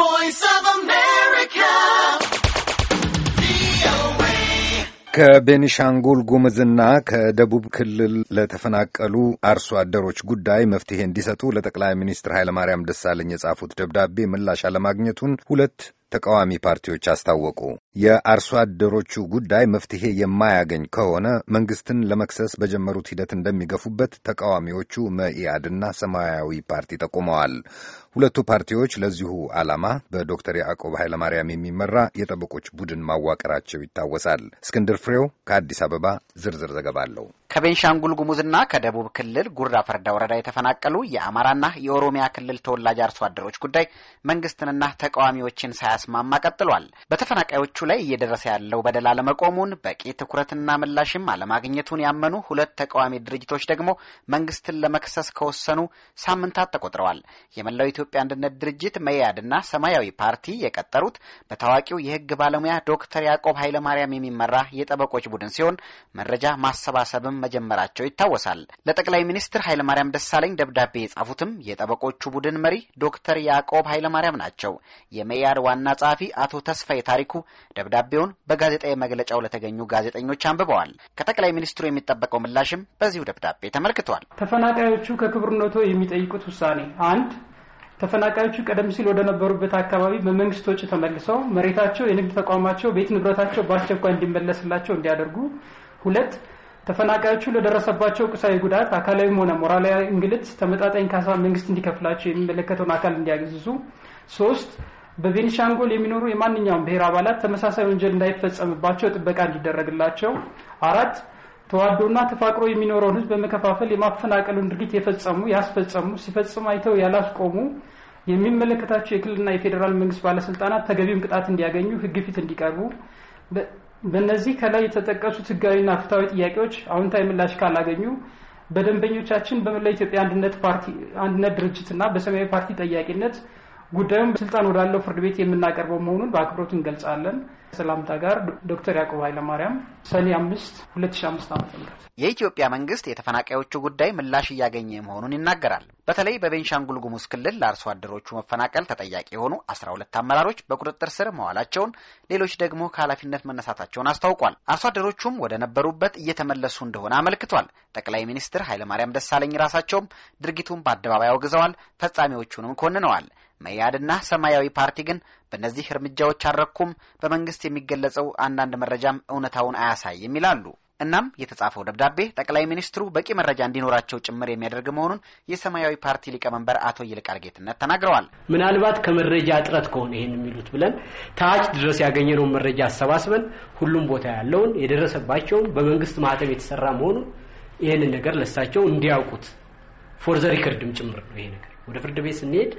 voice of America. ከቤኒሻንጉል ጉምዝና ከደቡብ ክልል ለተፈናቀሉ አርሶ አደሮች ጉዳይ መፍትሄ እንዲሰጡ ለጠቅላይ ሚኒስትር ኃይለማርያም ደሳለኝ የጻፉት ደብዳቤ ምላሽ አለማግኘቱን ሁለት ተቃዋሚ ፓርቲዎች አስታወቁ። የአርሶ አደሮቹ ጉዳይ መፍትሄ የማያገኝ ከሆነ መንግስትን ለመክሰስ በጀመሩት ሂደት እንደሚገፉበት ተቃዋሚዎቹ መኢአድና ሰማያዊ ፓርቲ ጠቁመዋል። ሁለቱ ፓርቲዎች ለዚሁ ዓላማ በዶክተር ያዕቆብ ኃይለማርያም የሚመራ የጠበቆች ቡድን ማዋቀራቸው ይታወሳል። እስክንድር ፍሬው ከአዲስ አበባ ዝርዝር ዘገባ አለው። ከቤንሻንጉል ጉሙዝና ከደቡብ ክልል ጉራ ፈርዳ ወረዳ የተፈናቀሉ የአማራና የኦሮሚያ ክልል ተወላጅ አርሶ አደሮች ጉዳይ መንግስትንና ተቃዋሚዎችን ሳያስማማ ቀጥሏል። በተፈናቃዮቹ ላይ እየደረሰ ያለው በደል አለመቆሙን፣ በቂ ትኩረትና ምላሽም አለማግኘቱን ያመኑ ሁለት ተቃዋሚ ድርጅቶች ደግሞ መንግስትን ለመክሰስ ከወሰኑ ሳምንታት ተቆጥረዋል። የመላው ኢትዮጵያ አንድነት ድርጅት መያድና ሰማያዊ ፓርቲ የቀጠሩት በታዋቂው የህግ ባለሙያ ዶክተር ያዕቆብ ኃይለማርያም የሚመራ የጠበቆች ቡድን ሲሆን መረጃ ማሰባሰብም መጀመራቸው ይታወሳል። ለጠቅላይ ሚኒስትር ኃይለማርያም ደሳለኝ ደብዳቤ የጻፉትም የጠበቆቹ ቡድን መሪ ዶክተር ያዕቆብ ኃይለማርያም ናቸው። የመያድ ዋና ጸሐፊ አቶ ተስፋዬ ታሪኩ ደብዳቤውን በጋዜጣዊ መግለጫው ለተገኙ ጋዜጠኞች አንብበዋል። ከጠቅላይ ሚኒስትሩ የሚጠበቀው ምላሽም በዚሁ ደብዳቤ ተመልክቷል። ተፈናቃዮቹ ከክቡርነቶ የሚጠይቁት ውሳኔ አንድ ተፈናቃዮቹ ቀደም ሲል ወደ ነበሩበት አካባቢ በመንግስት ወጪ ተመልሰው መሬታቸው፣ የንግድ ተቋማቸው፣ ቤት ንብረታቸው በአስቸኳይ እንዲመለስላቸው እንዲያደርጉ። ሁለት ተፈናቃዮቹ ለደረሰባቸው ቁሳዊ ጉዳት አካላዊም ሆነ ሞራላዊ እንግልት ተመጣጣኝ ካሳ መንግስት እንዲከፍላቸው የሚመለከተውን አካል እንዲያግዙ። ሶስት በቤኒሻንጉል የሚኖሩ የማንኛውም ብሔር አባላት ተመሳሳይ ወንጀል እንዳይፈጸምባቸው ጥበቃ እንዲደረግላቸው። አራት ተዋዶና ተፋቅሮ የሚኖረውን ህዝብ በመከፋፈል የማፈናቀሉን ድርጊት የፈጸሙ ያስፈጸሙ፣ ሲፈጽሙ አይተው ያላስቆሙ የሚመለከታቸው የክልልና የፌዴራል መንግስት ባለስልጣናት ተገቢውን ቅጣት እንዲያገኙ፣ ህግ ፊት እንዲቀርቡ በእነዚህ ከላይ የተጠቀሱት ህጋዊና ፍትሐዊ ጥያቄዎች አዎንታዊ ምላሽ ካላገኙ በደንበኞቻችን በመላ ኢትዮጵያ አንድነት ፓርቲ አንድነት ድርጅትና በሰማያዊ ፓርቲ ጠያቂነት ጉዳዩን በስልጣን ወዳለው ፍርድ ቤት የምናቀርበው መሆኑን በአክብሮት እንገልጻለን። ሰላምታ ጋር ዶክተር ያዕቆብ ኃይለማርያም ሰኔ አምስት ሁለት ሺ አምስት ዓመተ ምህረት የኢትዮጵያ መንግስት የተፈናቃዮቹ ጉዳይ ምላሽ እያገኘ መሆኑን ይናገራል። በተለይ በቤንሻንጉል ጉሙዝ ክልል ለአርሶ አደሮቹ መፈናቀል ተጠያቂ የሆኑ አስራ ሁለት አመራሮች በቁጥጥር ስር መዋላቸውን፣ ሌሎች ደግሞ ከኃላፊነት መነሳታቸውን አስታውቋል። አርሶ አደሮቹም ወደ ነበሩበት እየተመለሱ እንደሆነ አመልክቷል። ጠቅላይ ሚኒስትር ኃይለማርያም ደሳለኝ ራሳቸውም ድርጊቱን በአደባባይ አውግዘዋል፣ ፈጻሚዎቹንም ኮንነዋል። መያድና ሰማያዊ ፓርቲ ግን በእነዚህ እርምጃዎች አልረኩም፣ በመንግስት የሚገለጸው አንዳንድ መረጃም እውነታውን አያሳይም ይላሉ። እናም የተጻፈው ደብዳቤ ጠቅላይ ሚኒስትሩ በቂ መረጃ እንዲኖራቸው ጭምር የሚያደርግ መሆኑን የሰማያዊ ፓርቲ ሊቀመንበር አቶ ይልቃል ጌትነት ተናግረዋል። ምናልባት ከመረጃ እጥረት ከሆነ ይህን የሚሉት ብለን ታች ድረስ ያገኘነውን መረጃ አሰባስበን ሁሉም ቦታ ያለውን የደረሰባቸውን በመንግስት ማህተም የተሰራ መሆኑን ይህንን ነገር ለሳቸው እንዲያውቁት ፎር ዘ ሪከርድም ጭምር ነው። ይሄ ነገር ወደ ፍርድ ቤት ስንሄድ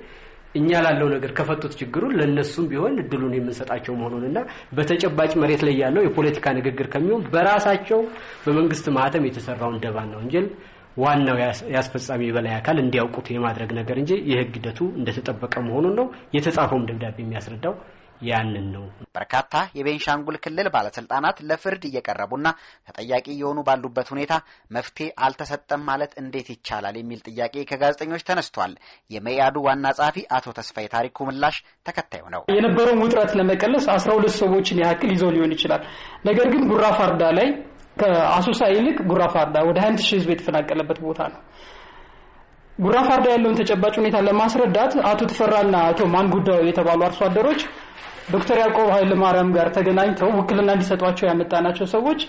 እኛ ላለው ነገር ከፈቱት ችግሩን ለነሱም ቢሆን እድሉን የምንሰጣቸው መሆኑን በተጨባጭ መሬት ላይ ያለው የፖለቲካ ንግግር ከሚሆን በራሳቸው በመንግስት ማህተም የተሰራውን ደባን ነው እንጂ ዋናው የአስፈጻሚ የበላይ አካል እንዲያውቁት የማድረግ ነገር እንጂ የህግ ሂደቱ እንደተጠበቀ መሆኑን ነው የተጻፈውም ደብዳቤ የሚያስረዳው። ያንን ነው። በርካታ የቤንሻንጉል ክልል ባለስልጣናት ለፍርድ እየቀረቡና ተጠያቂ እየሆኑ ባሉበት ሁኔታ መፍትሄ አልተሰጠም ማለት እንዴት ይቻላል የሚል ጥያቄ ከጋዜጠኞች ተነስቷል። የመያዱ ዋና ጸሐፊ አቶ ተስፋዬ ታሪኩ ምላሽ ተከታዩ ነው። የነበረውን ውጥረት ለመቀለስ አስራ ሁለት ሰዎችን ያክል ይዞ ሊሆን ይችላል። ነገር ግን ጉራ ፋርዳ ላይ ከአሶሳ ይልቅ ጉራ ፋርዳ ወደ ሀያ አንድ ሺህ ህዝብ የተፈናቀለበት ቦታ ነው። ጉራ ፋርዳ ያለውን ተጨባጭ ሁኔታ ለማስረዳት አቶ ትፈራና አቶ ማን የተባሉ አርሶ አደሮች ዶክተር ያዕቆብ ኃይለ ማርያም ጋር ተገናኝተው ውክልና እንዲሰጧቸው ያመጣናቸው ሰዎች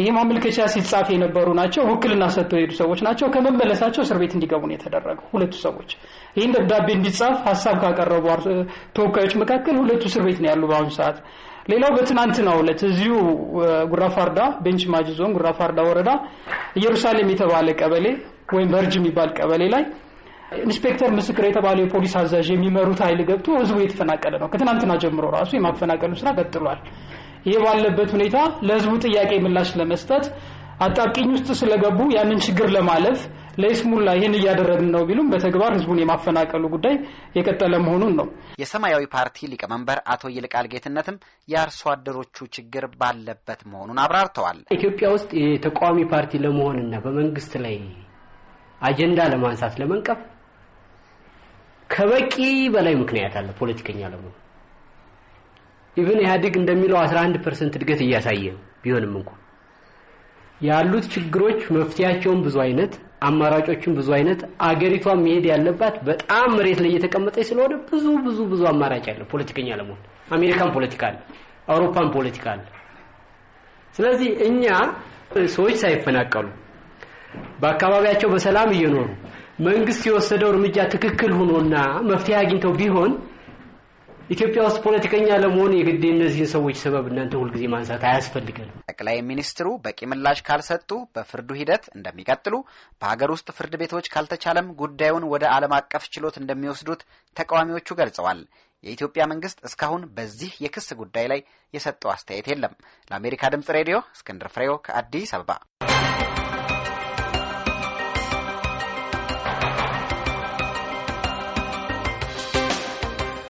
ይህ ማመልከቻ ሲጻፍ የነበሩ ናቸው። ውክልና ሰጥተው የሄዱ ሰዎች ናቸው። ከመመለሳቸው እስር ቤት እንዲገቡ ነው የተደረገው። ሁለቱ ሰዎች ይህን ደብዳቤ እንዲጻፍ ሀሳብ ካቀረቡ ተወካዮች መካከል ሁለቱ እስር ቤት ነው ያሉ በአሁኑ ሰዓት። ሌላው በትናንትናው ዕለት እዚሁ ጉራፋርዳ ቤንች ማጅ ዞን ጉራፋርዳ ወረዳ ኢየሩሳሌም የተባለ ቀበሌ ወይም በርጅ የሚባል ቀበሌ ላይ ኢንስፔክተር ምስክር የተባለው የፖሊስ አዛዥ የሚመሩት ኃይል ገብቶ ህዝቡ እየተፈናቀለ ነው። ከትናንትና ጀምሮ ራሱ የማፈናቀሉ ስራ ቀጥሏል። ይህ ባለበት ሁኔታ ለህዝቡ ጥያቄ ምላሽ ለመስጠት አጣብቂኝ ውስጥ ስለገቡ ያንን ችግር ለማለፍ ለይስሙላ ይህን እያደረግን ነው ቢሉም በተግባር ህዝቡን የማፈናቀሉ ጉዳይ የቀጠለ መሆኑን ነው። የሰማያዊ ፓርቲ ሊቀመንበር አቶ ይልቃል ጌትነትም የአርሶ አደሮቹ ችግር ባለበት መሆኑን አብራርተዋል። ኢትዮጵያ ውስጥ የተቃዋሚ ፓርቲ ለመሆንና በመንግስት ላይ አጀንዳ ለማንሳት ለመንቀፍ ከበቂ በላይ ምክንያት አለ ፖለቲከኛ ለመሆን። ኢቭን ኢህአዴግ እንደሚለው 11 ፐርሰንት እድገት እያሳየ ቢሆንም እንኳን ያሉት ችግሮች መፍትያቸውን ብዙ አይነት አማራጮችን ብዙ አይነት አገሪቷ መሄድ ያለባት በጣም መሬት ላይ እየተቀመጠች ስለሆነ ብዙ ብዙ ብዙ አማራጭ አለ ፖለቲከኛ ለመሆን። አሜሪካን ፖለቲካ አለ፣ አውሮፓን ፖለቲካ አለ። ስለዚህ እኛ ሰዎች ሳይፈናቀሉ በአካባቢያቸው በሰላም እየኖሩ መንግስት የወሰደው እርምጃ ትክክል ሆኖና መፍትሄ አግኝተው ቢሆን ኢትዮጵያ ውስጥ ፖለቲከኛ ለመሆን የግድ እነዚህን ሰዎች ሰበብ እናንተ ሁልጊዜ ማንሳት አያስፈልግም። ጠቅላይ ሚኒስትሩ በቂ ምላሽ ካልሰጡ በፍርዱ ሂደት እንደሚቀጥሉ፣ በሀገር ውስጥ ፍርድ ቤቶች ካልተቻለም ጉዳዩን ወደ ዓለም አቀፍ ችሎት እንደሚወስዱት ተቃዋሚዎቹ ገልጸዋል። የኢትዮጵያ መንግስት እስካሁን በዚህ የክስ ጉዳይ ላይ የሰጠው አስተያየት የለም። ለአሜሪካ ድምጽ ሬዲዮ እስክንድር ፍሬው ከአዲስ አበባ